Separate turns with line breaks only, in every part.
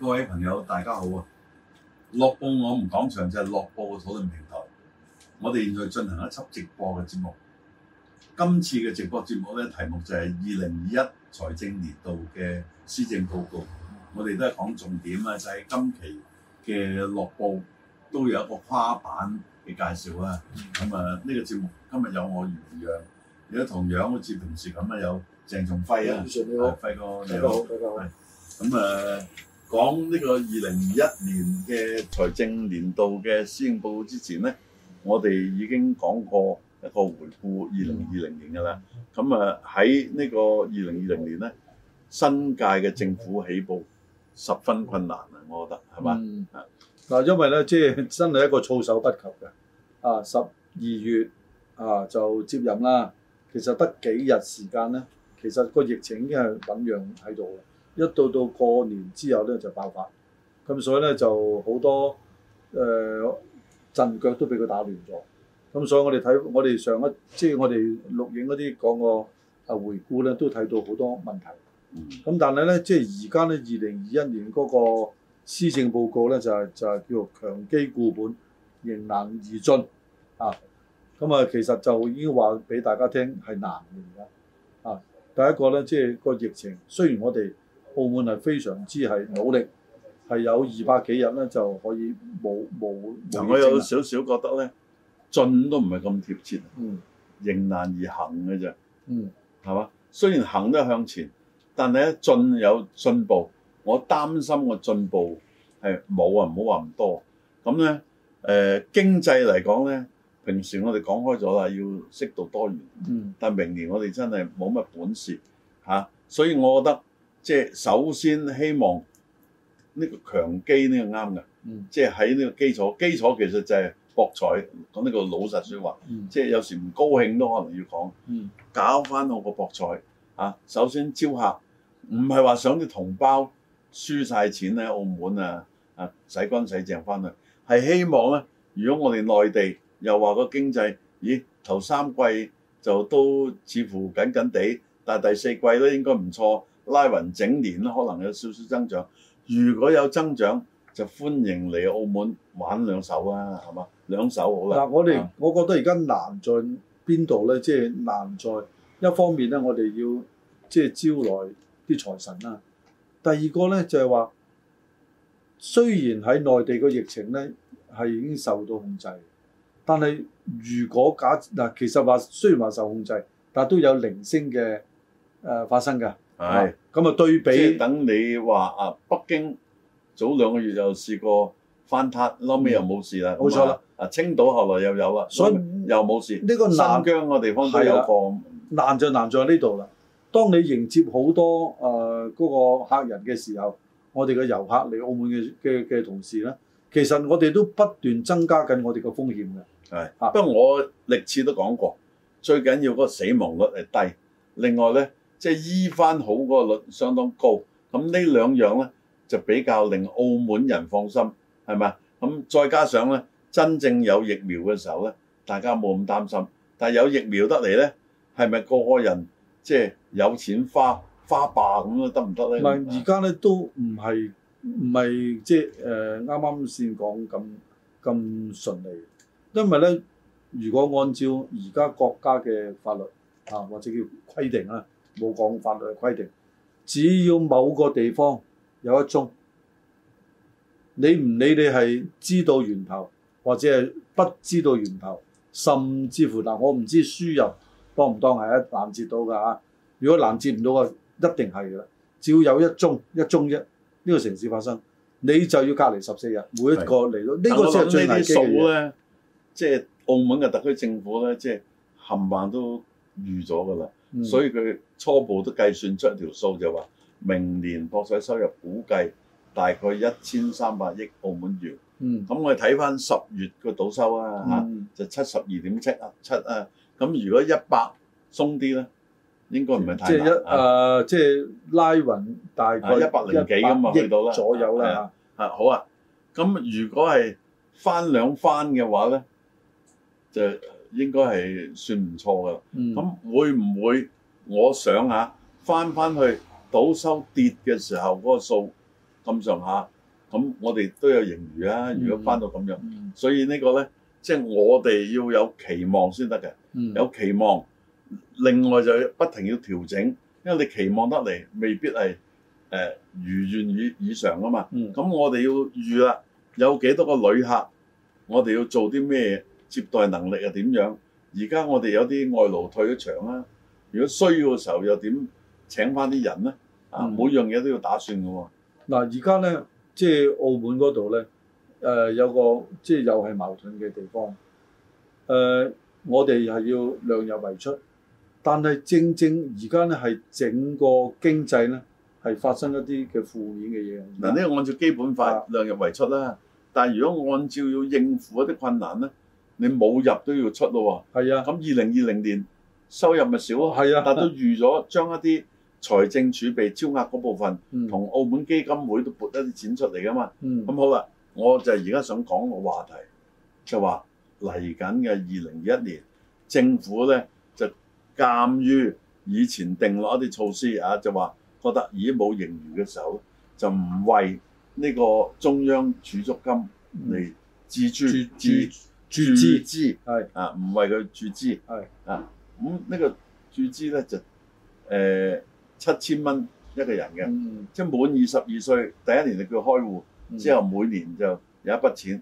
各位朋友，大家好啊！樂報我們講場就係樂報嘅討論平台，我哋現在進行一輯直播嘅節目。今次嘅直播節目咧，題目就係二零二一財政年度嘅施政報告。我哋都係講重點啊，就喺、是、今期嘅樂報都有一個跨版嘅介紹啊。咁、嗯、啊，呢個節目今日有我原樣。如果同樣好似平時咁啊，有鄭重輝、嗯、啊，輝哥你好，輝哥你好，咁誒、啊、講呢個二零二一年嘅財政年度嘅施政報告之前咧，我哋已經講過一個回顧二零二零年嘅啦。咁誒喺呢個二零二零年咧，新界嘅政府起步十分困難啊，我覺得係嘛？啊吧，
嗱，因為咧即係真係一個措手不及嘅啊，十二月啊就接任啦。其實得幾日時間咧，其實個疫情已經係咁樣喺度。一到到過年之後咧，就爆發，咁所以咧就好多誒、呃、陣腳都俾佢打亂咗。咁所以我哋睇我哋上一即係、就是、我哋錄影嗰啲講個啊回顧咧，都睇到好多問題。咁但係咧，即係而家咧，二零二一年嗰個施政報告咧，就係、是、就係、是、叫做強基固本，迎難而進啊！咁啊，其實就已經話俾大家聽係難嘅，啊，第一個咧，即係個疫情，雖然我哋澳門係非常之係努力，係、嗯、有二百幾日咧就可以冇冇，我有少少覺得咧進都唔係咁
貼切，嗯，迎難而行嘅啫，嗯，係嘛？雖然行得向前，但係咧進有進步，我擔心個進步係冇啊，唔好話唔多，咁咧誒經濟嚟講咧。平時我哋講開咗啦，要適度多元。嗯，但係明年我哋真係冇乜本事嚇、啊，所以我覺得即係、就是、首先希望呢個強基呢個啱嘅。即係喺呢個基礎基礎其實就係博彩講呢個老實説話。即係、嗯、有時唔高興都可能要講。嗯、搞翻我個博彩嚇、啊，首先招客唔係話想啲同胞輸晒錢咧，澳門啊啊洗乾洗淨翻去，係希望咧，如果我哋內地。又話個經濟，咦頭三季就都似乎緊緊地，但係第四季咧應該唔錯，拉勻整年可能有少少增長。如果有增長，就歡迎嚟
澳門玩兩手啊，係嘛？兩手好啦。但我哋，嗯、我覺得而家難在邊度咧？即係難在一方面咧，我哋要即係招來啲財神啦。第二個咧就係話，雖然喺內地個疫情咧係已經受到控制，但係，如果假嗱，其實話雖然話受控制，但係都有零星嘅誒發生㗎。係、呃，咁啊的、嗯、對比等你話啊，北京早兩個月就試過翻撻，後尾又冇事啦。冇錯啦，樣嗯、啊，青島後來又有，所以又冇事。呢個南新疆嘅地方都有，個難就難在呢度啦。當你迎接好多誒嗰個客人嘅時候，我哋嘅遊客嚟澳門嘅嘅嘅同事咧，其實我哋都不斷增加緊我哋嘅風險嘅。係，不過我歷次都講
過，最緊要嗰個死亡率係低。另外咧，即係醫返好嗰個率相當高。咁呢兩樣咧就比較令澳門人放心，係咪啊？咁再加上咧，真正有疫苗嘅時候咧，大家冇咁擔心。但係有疫苗得嚟咧，係咪個個人即係有錢花花霸
咁樣得唔得咧？唔係，而家咧都唔係唔係即係誒啱啱先講咁咁順利。因為咧，如果按照而家國家嘅法律啊，或者叫規定啊，冇講法律嘅規定，只要某個地方有一宗，你唔理你係知道源頭或者係不知道源頭，甚至乎嗱、啊，我唔知輸入當唔當係一攔截到㗎啊？如果攔截唔到嘅，一定係啦。只要有一宗一宗一呢、呢個城市發生，你就要隔離十四日，每一個嚟到呢個即係最危機嘅
即係澳門嘅特區政府咧，即係冚唪唥都預咗㗎啦，所以佢初步都計算出一條數，就話明年博彩收入估計大概一千三百億澳門元。嗯，咁我哋睇翻十月個賭收啊嚇，就七十二點七啊七啊，咁如果一百鬆啲咧，應該唔係太即係一誒，
即係拉勻大概一百零幾咁啊，去到啦，左右啦
嚇。好啊，咁如果係翻兩翻嘅話咧？就應該係算唔錯㗎。咁、嗯、會唔會？我想下翻翻去倒收跌嘅時候嗰個數咁上下，咁我哋都有盈餘啊。嗯、如果翻到咁樣，嗯嗯、所以個呢個咧，即、就、係、是、我哋要有期望先得嘅。嗯、有期望，另外就不停要調整，因為你期望得嚟未必係誒、呃、如願以以償啊嘛。咁、嗯、我哋要預啦，有幾多個旅客，我哋要做啲咩？接待能力又點樣？而家我哋有啲外勞退咗場啦、啊。如果需要嘅時候又點請翻啲人咧？
啊，每樣嘢都要打算㗎喎、啊。嗱、嗯，而家咧即係澳門嗰度咧，誒、呃、有個即係又係矛盾嘅地方。誒、呃，我哋係要量入為出，但係正正而家咧係整個經濟咧係發生一啲嘅負面嘅嘢。嗱、嗯，呢個、嗯、
按照基本法、嗯、量入為出啦、啊，但係如果按照要應付一啲困難咧。你冇入都要出咯喎、哦，啊，咁二零二零年收入咪少咯，係啊，但都預咗將一啲財政儲備超額嗰部分，同、嗯、澳門基金會都撥一啲錢出嚟噶嘛，咁、嗯、好啦，我就而家想講個話題，就話嚟緊嘅二零二一年，政府咧就鑑於以前定落一啲措施啊，就話覺得已經冇盈餘嘅時候，就唔為呢個中央儲蓄金嚟自、嗯、自。注支自。注資，的啊，唔為佢注資，的啊。咁、那、呢個注資呢，就誒七千蚊一個人嘅，嗯、即係滿二十二歲第一年就，你叫佢開戶之後，每年就有一筆錢。咁、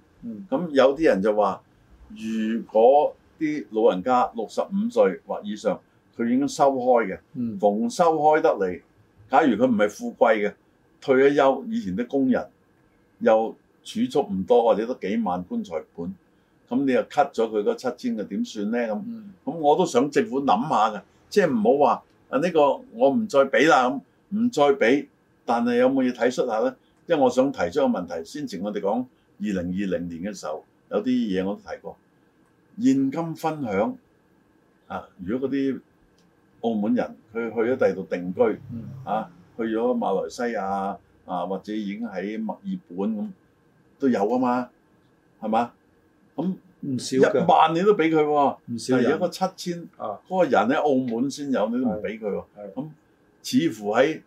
嗯、有啲人就話，如果啲老人家六十五歲或以上，佢已經收開嘅，嗯、逢收開得嚟，假如佢唔係富貴嘅，退咗休，以前啲工人又儲蓄唔多，或者得幾萬棺材本。咁你又 cut 咗佢嗰七千嘅點算咧？咁咁我都想政府諗下噶，即係唔好話啊呢個我唔再俾啦，咁唔再俾，但係有冇嘢體恤下咧？因為我想提出個問題，先前我哋講二零二零年嘅時候，有啲嘢我都提過現金分享啊！如果嗰啲澳門人佢去咗第二度定居啊，去咗馬來西亞啊，或者已經喺墨爾本咁都有啊嘛，係嘛？咁唔少一萬你都俾佢喎，係有果個七千嗰、啊、個人喺澳門先有，你都唔俾佢喎。咁似乎喺誒、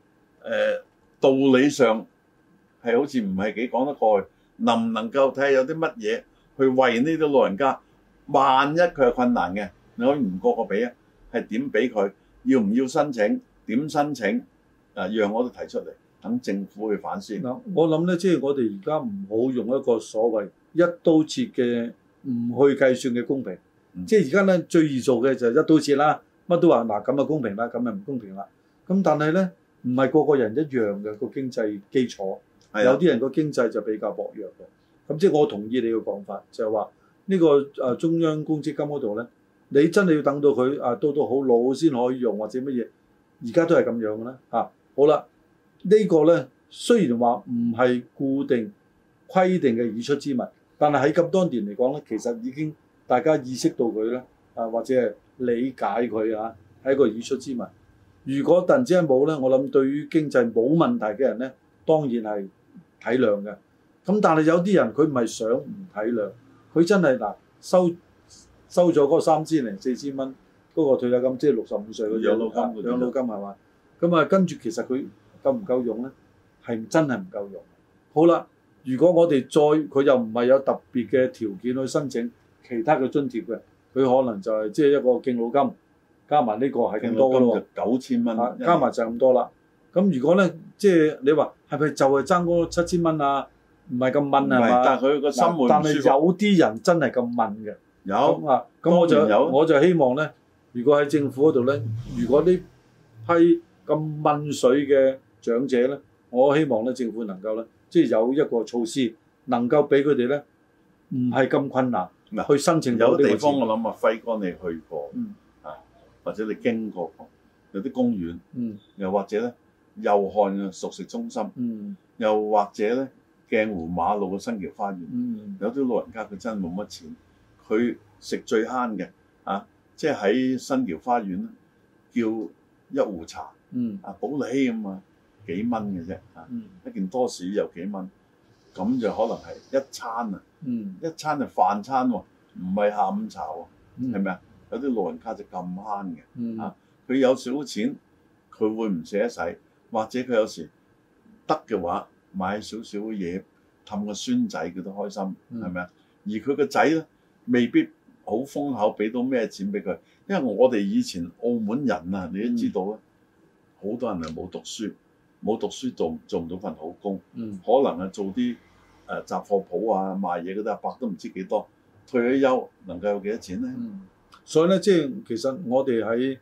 呃、道理上係好似唔係幾講得過去，能唔能夠睇下有啲乜嘢去為呢啲老人家？萬一佢係困難嘅，你可以唔個個俾啊？係點俾佢？要唔要申請？點申請？啊，讓
我都提出嚟，等政府去反思、呃。我諗咧，即、就、係、是、我哋而家唔好用一個所謂一刀切嘅。唔去計算嘅公平，嗯、即係而家咧最易做嘅就係一刀切啦，乜都話嗱咁就公平啦，咁就唔公平啦。咁但係咧唔係個個人一樣嘅、個經濟基礎，的有啲人個經濟就比較薄弱。咁即係我同意你嘅講法，就係話呢個誒、啊、中央公積金嗰度咧，你真係要等到佢誒到到好老先可以用或者乜嘢，而家都係咁樣嘅啦。嚇、啊，好啦，呢個、呢個咧雖然話唔係固定規定嘅已出之物。但係喺咁多年嚟講咧，其實已經大家意識到佢咧，啊或者係理解佢啊，係一個理出之問。如果突然之間冇咧，我諗對於經濟冇問題嘅人咧，當然係體諒嘅。咁但係有啲人佢唔係想唔體諒，佢真係嗱收收咗嗰三千零四千蚊嗰個退休金，即係六十五歲嘅啲養老金，養老金係嘛？咁啊跟住其實佢夠唔夠用咧？係真係唔夠用。好啦。如果我哋再佢又唔係有特別嘅條件去申請其他嘅津貼嘅，佢可能就係即係一個敬老金加埋呢個係咁多咯。敬老金就九千蚊，加埋就係咁多啦。咁如果咧，即係你話係咪就係爭嗰七千蚊啊？唔係咁掹啊。但係佢個心會唔舒服。但係有啲人真係咁掹嘅。有。咁啊，咁我就有我就希望咧，如果喺政府嗰度咧，如果呢批咁掹水嘅長者咧，我希望咧政府能夠咧。即係有一個措施能夠俾佢哋咧，唔係咁困難，嗯、去申請到呢有地方我諗啊，輝哥你去過，嗯、
啊或者你經過，過有啲公園，嗯、又或者咧祐漢嘅熟食中心，嗯、又或者咧鏡湖馬路嘅新橋花園，嗯、有啲老人家佢真係冇乜錢，佢食最慳嘅啊，即係喺新橋花園、啊、叫一壺茶，啊保利咁啊。啊幾蚊嘅啫嚇，嗯、一件多士又幾蚊，咁就可能係一餐啊，嗯、一餐就飯餐喎，啊，唔係下午茶喎，係咪啊？嗯、是是有啲老人家就咁慳嘅，嗯、啊，佢有少錢，佢會唔捨得使，或者佢有時得嘅話買少少嘢氹個孫仔，佢都開心，係咪啊？而佢個仔咧未必好封口，俾到咩錢俾佢，因為我哋以前澳門人啊，你都知道啊，好多人係冇讀書。冇讀書，做做唔到份好工，嗯、可能做、呃、啊做啲誒雜貨鋪啊賣
嘢嗰啲阿伯都唔知幾多。退咗休能夠有幾多錢咧？嗯嗯、所以咧，即係其實我哋喺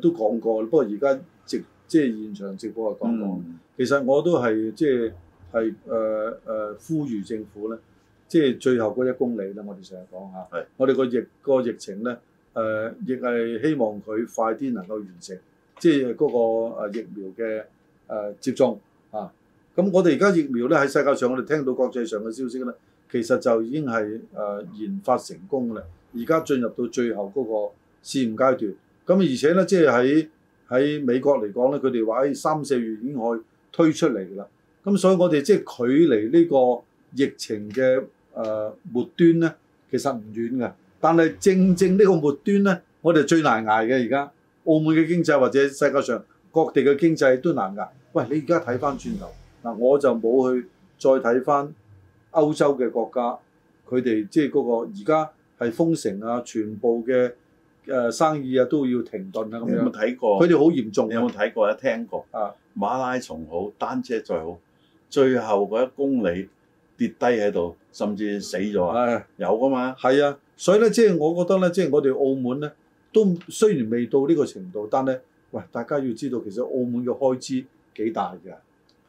都講過，不過而家直即係現場直播啊講過。嗯、其實我都係即係係誒誒呼籲政府咧，即係最後嗰一公里啦。我哋成日講下，是我哋個疫個疫，疫情咧誒，亦、呃、係希望佢快啲能夠完成，即係嗰個疫苗嘅。誒、嗯、接種啊！咁我哋而家疫苗咧喺世界上，我哋聽到國際上嘅消息啦，其實就已經係誒、呃、研發成功啦，而家進入到最後嗰個試驗階段。咁、啊、而且咧，即係喺喺美國嚟講咧，佢哋話喺三四月已經可以推出嚟噶啦。咁、啊、所以我哋即係距離呢個疫情嘅誒、呃、末端咧，其實唔遠嘅。但係正正呢個末端咧，我哋最難捱嘅而家，澳門嘅經濟或者世界上各地嘅經濟都難捱。喂，你而家睇翻轉頭嗱，我就冇去再睇翻歐洲嘅國家，佢哋即係嗰個而家係封城啊，全部嘅誒、呃、生意啊都要停頓啊咁樣。你有冇睇過？佢哋好嚴重。有冇睇過？有聽過？啊，馬拉松
好，單車再好，最後嗰一公里跌低喺度，甚至死咗啊！
有㗎嘛？係啊，所以咧，即係我覺得咧，即係我哋澳門咧都雖然未到呢個程度，但咧，喂，大家要知道其實澳門嘅開支。幾大嘅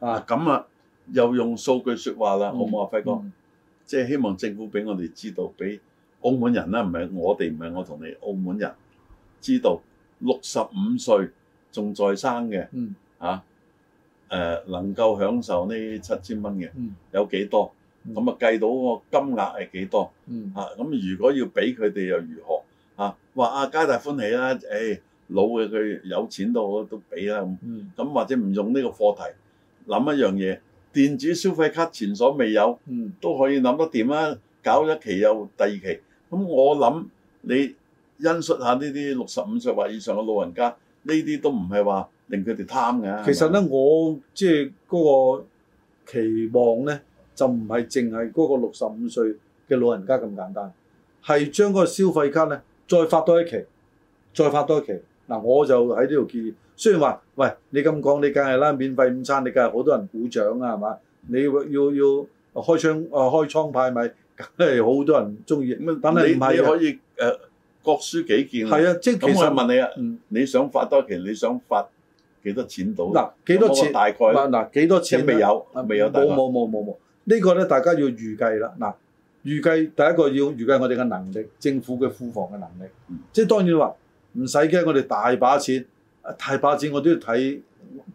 啊，咁啊又用數
據説話啦，好唔好啊輝哥？即係希望政府俾我哋知道，俾澳門人啦，唔係我哋唔係我同你澳門人知道六十五歲仲在生嘅，嚇誒能夠享受呢七千蚊嘅有幾多，咁啊計到個金額係幾多，嚇，咁如果要俾佢哋又如何啊？話啊皆大歡喜啦，誒～老嘅佢有錢都都俾啦，咁或者唔用呢個課題諗一樣嘢，電子消費卡前所未有，嗯、都可以諗得掂啦。搞一期又第二期，咁我諗你欣述下呢啲六十五歲或以上嘅老人家，呢啲都唔係話令佢哋貪嘅。其實
呢，吧我即係嗰個期望呢，就唔係淨係嗰個六十五歲嘅老人家咁簡單，係將嗰個消費卡呢，再發多一期，再發多一期。嗱，我就喺呢度建議。雖然話，喂、um, um, right? well, right.，你咁講，你梗係啦，免費午餐，你梗係好多人鼓掌啊，係嘛？你要要開倉，開倉派米？梗係好多人中意。但啊，唔係可以
誒各抒己見。係啊，即係其實問你啊，你想發多期？你想發幾多錢到？嗱，幾多錢？大概？嗱，幾多錢？未有，未有冇冇冇
冇冇。呢個咧，大家要預計啦。嗱，預計第一個要預計我哋嘅能力，政府嘅庫房嘅能力。即係當然話。唔使驚，我哋大把錢，大把錢，我都要睇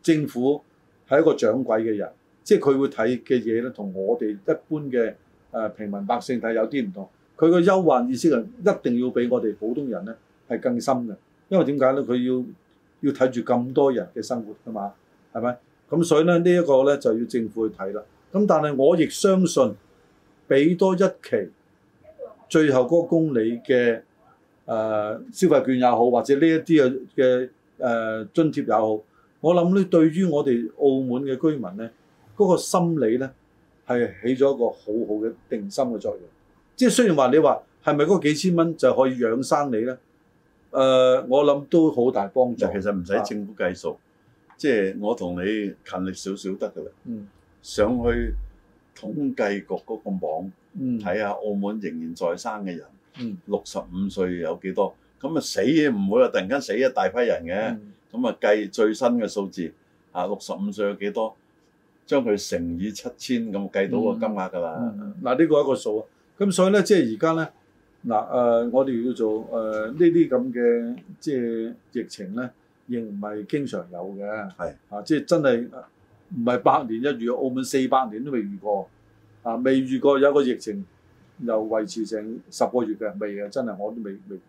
政府係一個掌櫃嘅人，即係佢會睇嘅嘢咧，同我哋一般嘅誒平民百姓睇有啲唔同。佢個憂患意識啊，一定要比我哋普通人咧係更深嘅，因為點解咧？佢要要睇住咁多人嘅生活㗎嘛，係咪？咁所以咧，這個、呢一個咧就要政府去睇啦。咁但係我亦相信，俾多一期，最後嗰公里嘅。誒、呃、消費券也好，或者呢一啲嘅誒津貼也好，我諗咧對於我哋澳門嘅居民咧，嗰、那個心理咧係起咗一個好好嘅定心嘅作用。即係雖然話你話係咪嗰幾千蚊就可以養生你咧？誒、呃，我諗都好大幫助。其實唔使政府計數，即係、啊、我同你勤力
少少得㗎喇。嗯，上去統計局嗰個網睇下澳門仍然在生嘅人。嗯，六十五歲有幾多？咁啊死嘢唔會話突然間死一大批人嘅，咁啊計最新嘅數字啊，六十五歲有幾多？
將佢乘以七千咁計到個金額㗎啦。嗱呢、嗯嗯、個係一個數啊。咁所以咧，即係而家咧，嗱、呃、誒，我哋要做誒呢啲咁嘅即係疫情咧，亦唔係經常有嘅。係的啊，即係真係唔係百年一遇，澳門四百年都未遇過啊，未遇過有個疫情。又維持成十個月嘅未呀，真係我都未未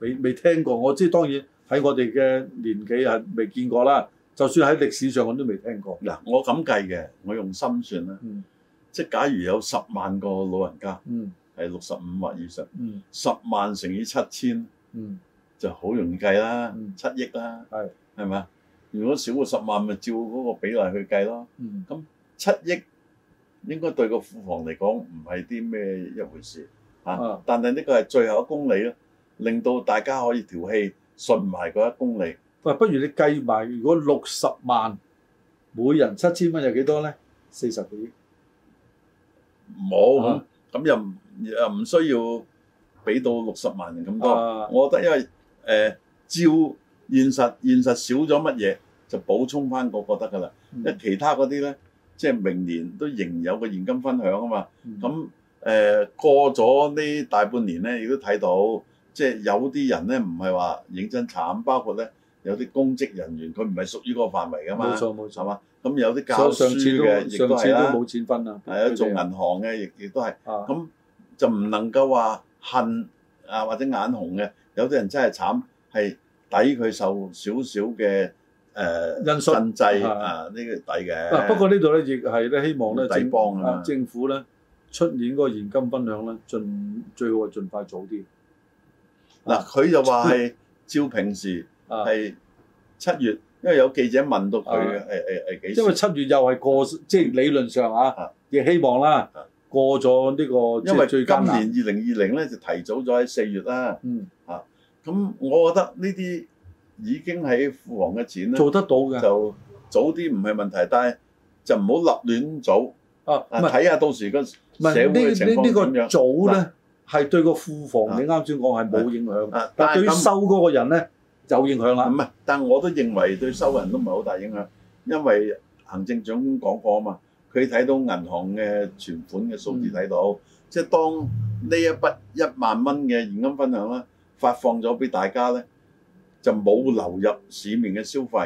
未未聽過。我即係當然喺我哋嘅年紀係未見過啦。就算喺歷史上我都未聽過。嗱，
我咁計嘅，我用心算啦。嗯、即係假如有十萬個老人家係六十五或以
上，
十萬乘以七千，嗯、就好容易計啦，七億啦。係咪是？嘛？如果少過十萬，咪照嗰個比例去計咯。咁、嗯、七億。應該對個庫房嚟講唔係啲咩一回事嚇、啊啊，但係呢個係最後一公里咯，令到大家可以調戲順
埋嗰一公里。喂、啊，不如你計埋如果六十萬每人七千蚊，啊、有幾多咧？四十幾億冇咁咁
又又唔需要俾到六十萬咁多。啊、我覺得因為誒、呃、照現實現實少咗乜嘢就補充翻個覺得㗎啦，因、嗯、其他嗰啲咧。即係明年都仍有個現金分享啊嘛，咁誒、嗯呃、過咗呢大半年咧，亦都睇到，即係有啲人咧唔係話認真慘，包括咧有啲公職人員佢唔係屬於嗰個範圍噶嘛，冇錯冇錯係嘛，咁有啲教書嘅，亦都冇錢
分啊，係啊做銀
行嘅亦亦都係，咁、啊、就唔能夠話恨啊或者眼紅嘅，有啲人真係慘係
抵佢受少少嘅。因經制啊，呢個底嘅。不過呢度咧，亦係咧，希望咧，政府咧，出年嗰個現金分享，咧，盡最好係盡快早啲。
嗱，佢就話係照平時
係七月，因為有
記者問到佢係係係幾時？因為七
月又係過，即係理論上啊，亦希望啦，過咗呢個。因為
今年二零二零咧就提早咗喺四月啦。嗯。啊，咁我覺得呢啲。已經喺庫房嘅錢咧，做得到嘅就早啲唔係問題，但係就唔好立亂組啊！睇下到時個社會嘅情況點樣。啊這個這
個、組咧係但對個庫房，你啱先講係冇影響，啊啊啊、但係對於收嗰個人咧
是有影響啦。唔係，但我都認為對收人都唔係好大影響，因為行政長官講過啊嘛，佢睇到銀行嘅存款嘅數字睇、嗯、到，即係當呢一筆一萬蚊嘅現金分享啦，發放咗俾大家咧。就冇流入市面嘅消費，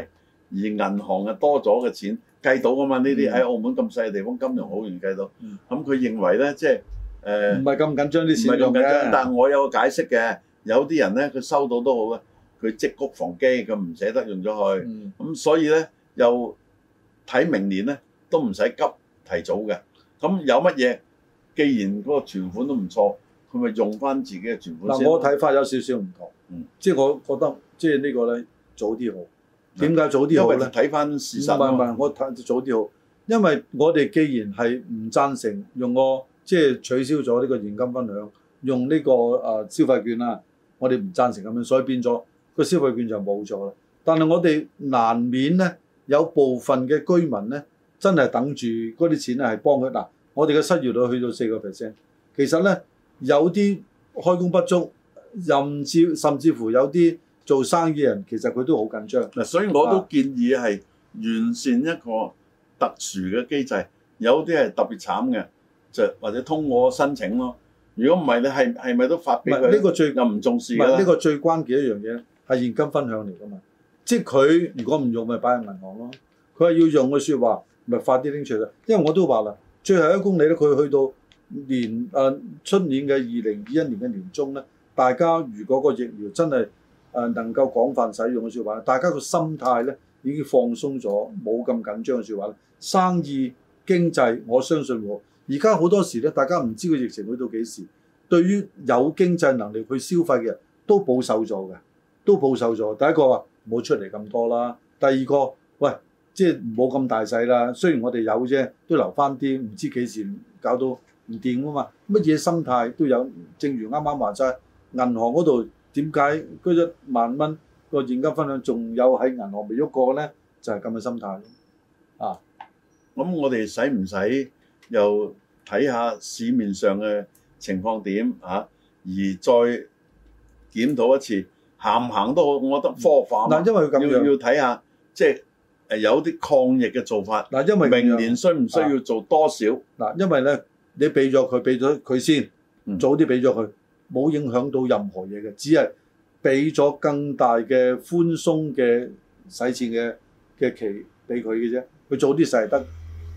而銀行啊多咗嘅錢計到㗎嘛。呢啲喺澳門咁細嘅地方，金融好容易計到。咁佢認為咧，即係誒，唔係咁緊張啲事用嘅。啊、但係我有個解釋嘅，有啲人咧佢收到都好啦，佢積谷防饑，佢唔捨得用咗去。咁、嗯、所以咧又睇明年咧都唔使急提早嘅。咁有乜嘢？既然嗰個存款都唔
錯，佢咪用翻自己嘅存款先。我睇法有少少唔同，即係我覺得。即係呢個咧早啲好，點解早啲好咧？睇翻事實啊！唔係唔係，我睇早啲好，因為我哋既然係唔贊成用我，即係取消咗呢個現金分享，用呢個誒、呃、消費券啊，我哋唔贊成咁樣，所以變咗個消費券就冇咗啦。但係我哋難免咧有部分嘅居民咧真係等住嗰啲錢咧係幫佢嗱，我哋嘅失業率去到四個 percent，其實咧有啲開工不足，甚至甚至乎有啲。做生意人其實佢都好緊張嗱，所以我都建議係完善一個特
殊嘅機制。有啲係特別慘嘅，就或者通過申請咯。如果唔係，你係係咪都發俾佢？呢個最近唔重視啦。呢個
最關鍵一樣嘢係現金分享嚟㗎嘛，即係佢如果唔用咪擺喺銀行咯。佢係要用嘅説話咪快啲拎出嚟。因為我都話啦，最後一公里咧，佢去到年誒、啊、出年嘅二零二一年嘅年中咧，大家如果個疫苗真係，誒能夠廣泛使用嘅説話，大家個心態咧已經放鬆咗，冇咁緊張嘅説話。生意經濟，我相信喎。而家好多時咧，大家唔知個疫情去到幾時。對於有經濟能力去消費嘅人都保守咗嘅，都保守咗。第一個啊，冇出嚟咁多啦。第二個，喂，即係唔好咁大細啦。雖然我哋有啫，都留翻啲，唔知幾時搞到唔掂啊嘛。乜嘢心態都有，正如啱啱話齋，銀行嗰度。點解嗰一萬蚊個現金分享仲有喺銀行未喐過咧？就係咁嘅心態啊，咁
我哋使唔使又睇下市面上嘅情況點啊？而再檢討一次，行唔行都好，我覺得科學化。但因為咁要要睇下，即係誒有啲抗疫嘅做法。嗱，因為
明年需唔需要做多少？嗱、啊，因為咧，你俾咗佢，俾咗佢先，嗯、早啲俾咗佢。冇影響到任何嘢嘅，只係俾咗更大嘅寬鬆嘅使錢嘅嘅期俾佢嘅啫。佢早啲使就得，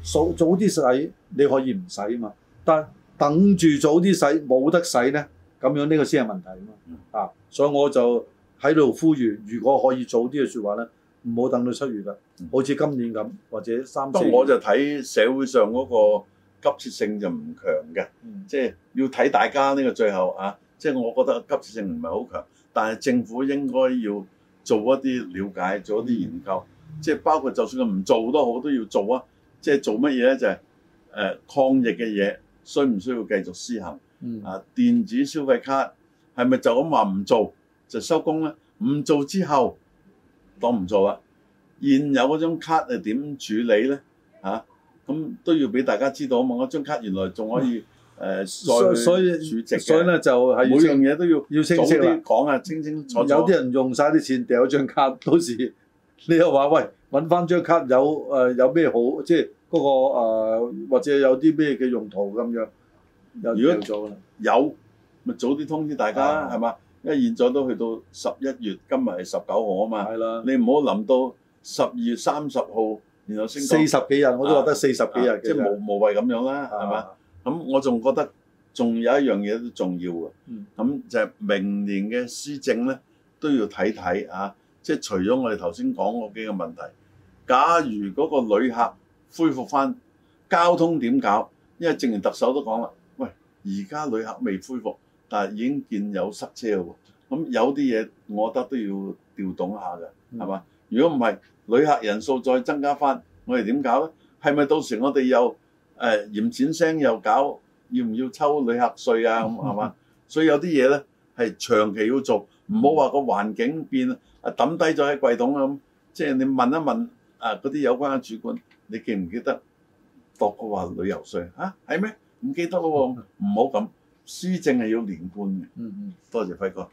早早啲使你可以唔使啊嘛。但係等住早啲使冇得使咧，咁樣呢個先係問題嘛、嗯、啊。所以我就喺度呼籲，如果可以早啲嘅説話咧，唔好等到七月喇。好似今年咁，或者三，不，我就
睇社會上嗰、那個。急切性就唔強嘅，即係要睇大家呢個最後啊，即係我覺得急切性唔係好強，但係政府應該要做一啲了解，做一啲研究，即係包括就算佢唔做都好，都要做啊！即係做乜嘢咧？就係誒抗疫嘅嘢，需唔需要繼續施行？啊，電子消費卡係咪就咁話唔做就收工咧？唔做之後當唔做啊。現有嗰張卡係點處理咧？嚇啊？咁都要俾大家知道啊嘛！嗰張卡原來仲可以誒再儲值，呃、所以咧
就係每樣嘢都要要清晰啲講啊，清清楚楚。有啲人用晒啲錢掉張卡，到時你又話喂搵返張卡有誒、呃、有咩好？即係嗰個、呃、或者有啲咩嘅用途咁樣。又如果
有，咪早啲通知大家啦，係嘛、啊？因為現在都去到十一月，今日係十九號啊嘛，係啦的。你唔好諗到十二月三十號。四十幾日，我都得、啊、我覺得四十幾日即係無無謂咁樣啦，係嘛？咁我仲覺得仲有一樣嘢都重要嘅，咁、嗯、就係明年嘅施政咧都要睇睇啊！即、就、係、是、除咗我哋頭先講嗰幾個問題，假如嗰個旅客恢復翻交通點搞？因為正如特首都講啦，喂，而家旅客未恢復，但係已經見有塞車喎。咁有啲嘢我覺得都要調動一下嘅，係嘛？嗯如果唔係旅客人數再增加翻，我哋點搞咧？係咪到時我哋又誒、呃、嫌錢聲又搞？要唔要抽旅客稅啊？咁係嘛？ 所以有啲嘢咧係長期要做，唔好話個環境變抌低咗喺櫃桶。咁。即係你問一問啊嗰啲有關嘅主管，你記唔記得度過話旅遊稅嚇？係、啊、咩？唔記得咯喎，唔好咁。施政係要連貫嘅。嗯嗯。多謝輝哥。